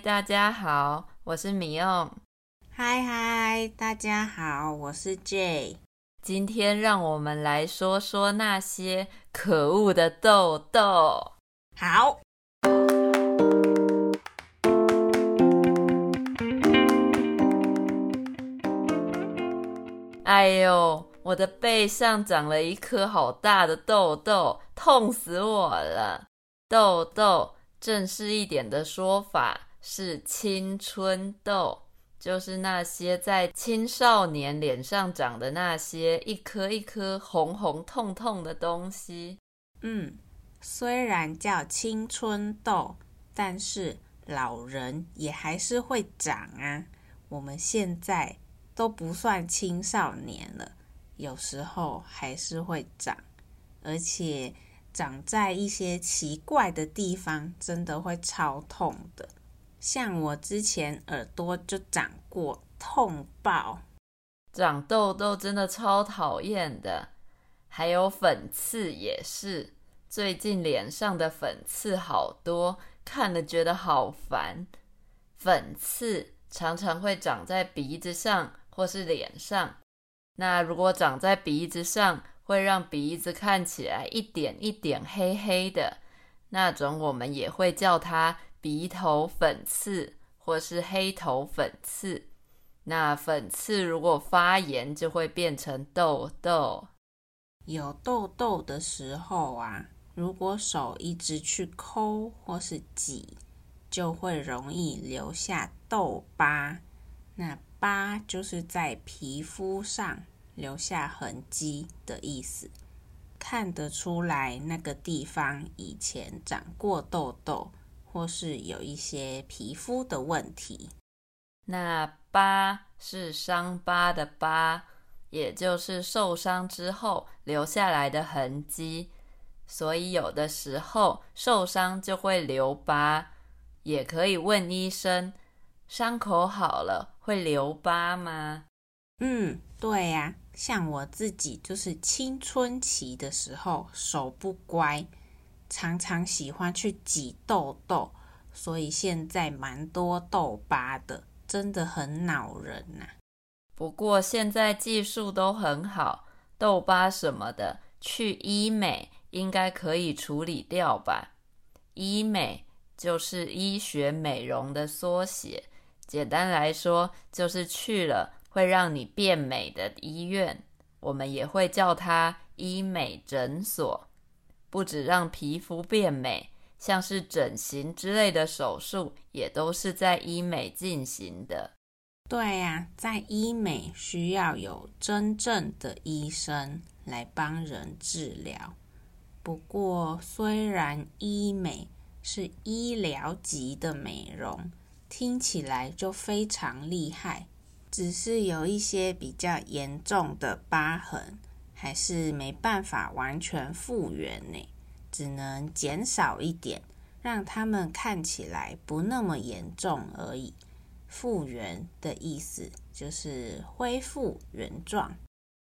大家好，我是米歐。嗨嗨，大家好，我是 J。今天讓我們來說說那些可惡的痘痘。好。哎呦，我的背上長了一顆好大的痘痘，痛死我了！痘痘，正式一點的說法，是青春痘，就是那些在青少年臉上長的那些一顆一顆紅紅痛痛的東西。嗯，雖然叫青春痘，但是老人也還是會長啊。我們現在都不算青少年了，有時候還是會長，而且長在一些奇怪的地方，真的會超痛的。像我之前耳朵就長過，痛爆，長痘痘真的超討厭的，還有粉刺也是。最近臉上的粉刺好多，看了覺得好煩。粉刺常常會長在鼻子上或是臉上，那如果長在鼻子上，會讓鼻子看起來一點一點黑黑的，那種我們也會叫它。鼻頭粉刺或是黑頭粉刺，那粉刺如果發炎，就會變成痘痘。有痘痘的時候啊，如果手一直去摳或是擠，就會容易留下痘疤。那疤就是在皮膚上留下痕跡的意思，看得出來那個地方以前長過痘痘。或是有一些皮膚的問題，那疤是傷疤的疤，也就是受傷之後留下來的痕跡。所以有的時候受傷就會留疤，也可以問醫生，傷口好了會留疤嗎？嗯，對呀，像我自己就是青春期的時候手不乖。常常喜歡去擠痘痘，所以現在蠻多痘疤的，真的很惱人吶、啊。不過現在技術都很好，痘疤什麼的，去醫美應該可以處理掉吧？醫美就是醫學美容的縮寫，簡單來說就是去了會讓你變美的醫院，我們也會叫它醫美診所。不只讓皮膚變美，像是整形之類的手術也都是在醫美進行的。對呀，在醫美需要有真正的醫生來幫人治療。不過，雖然醫美是醫療級的美容，聽起來就非常厲害，只是有一些比較嚴重的疤痕。還是沒辦法完全復原呢，只能減少一點，讓他們看起來不那麼嚴重而已。復原的意思就是恢復原狀。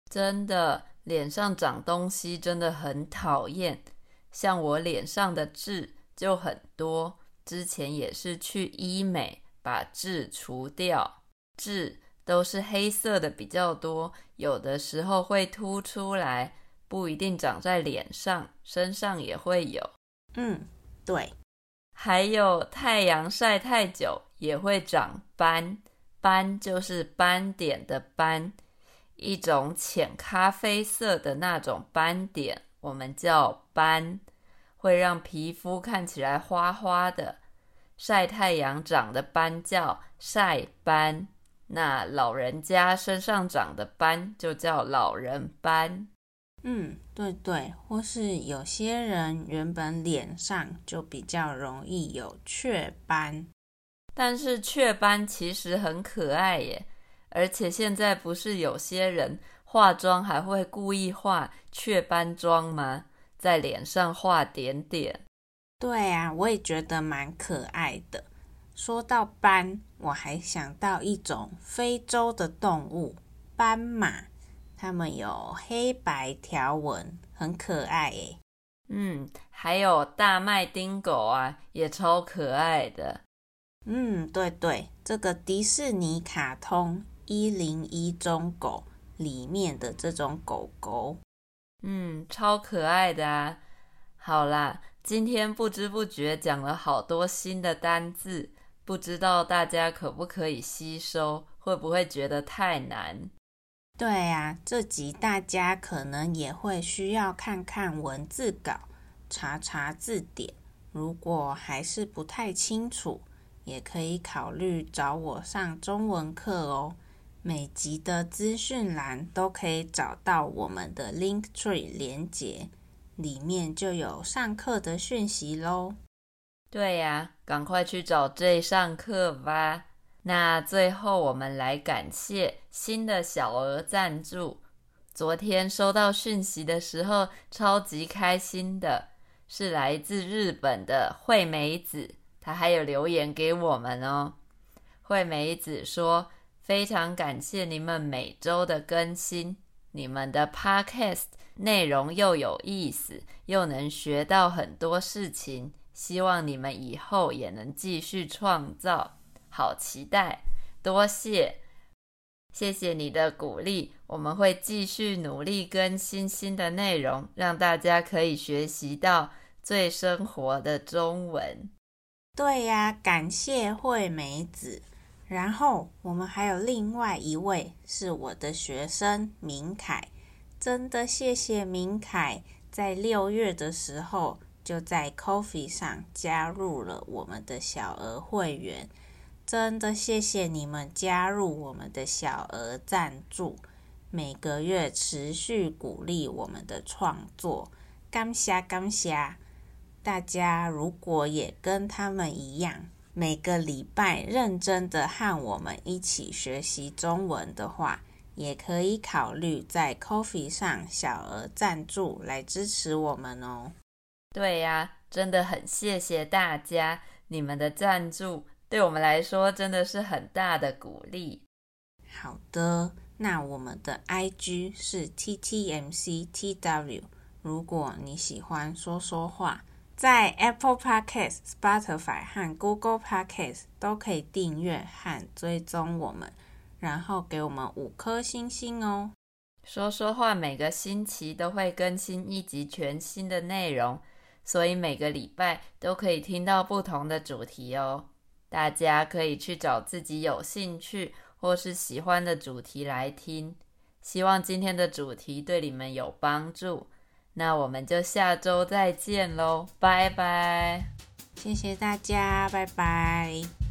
真的，臉上長東西真的很討厭，像我臉上的痣就很多，之前也是去醫美，把痣除掉。痣。都是黑色的比較多，有的時候會凸出來，不一定長在臉上，身上也會有。嗯，對。還有太陽曬太久也會長斑，斑就是斑點的斑，一種淺咖啡色的那種斑點，我們叫斑，會讓皮膚看起來花花的。曬太陽長的斑叫曬斑。那老人家身上長的斑就叫老人斑，嗯，對對，或是有些人原本臉上就比較容易有雀斑，但是雀斑其實很可愛耶，而且現在不是有些人化妝還會故意化雀斑妝嗎？在臉上畫點點，對啊，我也覺得蠻可愛的。說到斑，我還想到一種非洲的動物——斑馬，它們有黑白條紋，很可愛誒。嗯，還有大麥町狗啊，也超可愛的。嗯，對對，這個迪士尼卡通《一零一忠狗》裡面的這種狗狗，嗯，超可愛的啊。好啦，今天不知不覺講了好多新的單字。不知道大家可不可以吸收，會不會覺得太難？對啊，這集大家可能也會需要看看文字稿，查查字典。如果還是不太清楚，也可以考慮找我上中文課哦。每集的資訊欄都可以找到我們的 Linktree 連結，裡面就有上課的訊息嘍。對呀、啊，趕快去找最上課吧。那最後我們來感謝新的小額贊助。昨天收到訊息的時候，超級開心的是來自日本的惠美子，她還有留言給我們哦。惠美子說：“非常感謝你們每周的更新，你們的 Podcast 內容又有意思，又能學到很多事情。”希望你們以後也能繼續創造，好期待！多謝，謝謝你的鼓勵，我們會繼續努力更新新的內容，讓大家可以學習到最生活的中文。對呀、啊，感謝惠美子。然後我們還有另外一位是我的學生明凱，真的謝謝明凱，在六月的時候。就在 Coffee 上加入了我們的小額會員，真的謝謝你們加入我們的小額贊助，每個月持續鼓勵我們的創作。感謝感謝，大家如果也跟他們一樣，每個禮拜認真的和我們一起學習中文的話，也可以考慮在 Coffee 上小額贊助來支持我們哦。對呀、啊，真的很謝謝大家，你們的贊助，對我們來說真的是很大的鼓勵。好的，那我們的 IG 是 ttmctw，如果你喜歡說說話，在 Apple Podcasts、Spotify 和 Google Podcasts 都可以訂閱和追蹤我們，然後給我們五顆星星哦。說說話每個星期都會更新一集全新的內容。所以每個禮拜都可以聽到不同的主題哦，大家可以去找自己有興趣或是喜歡的主題來聽。希望今天的主題對你們有幫助，那我們就下周再見嘍，拜拜！謝謝大家，拜拜。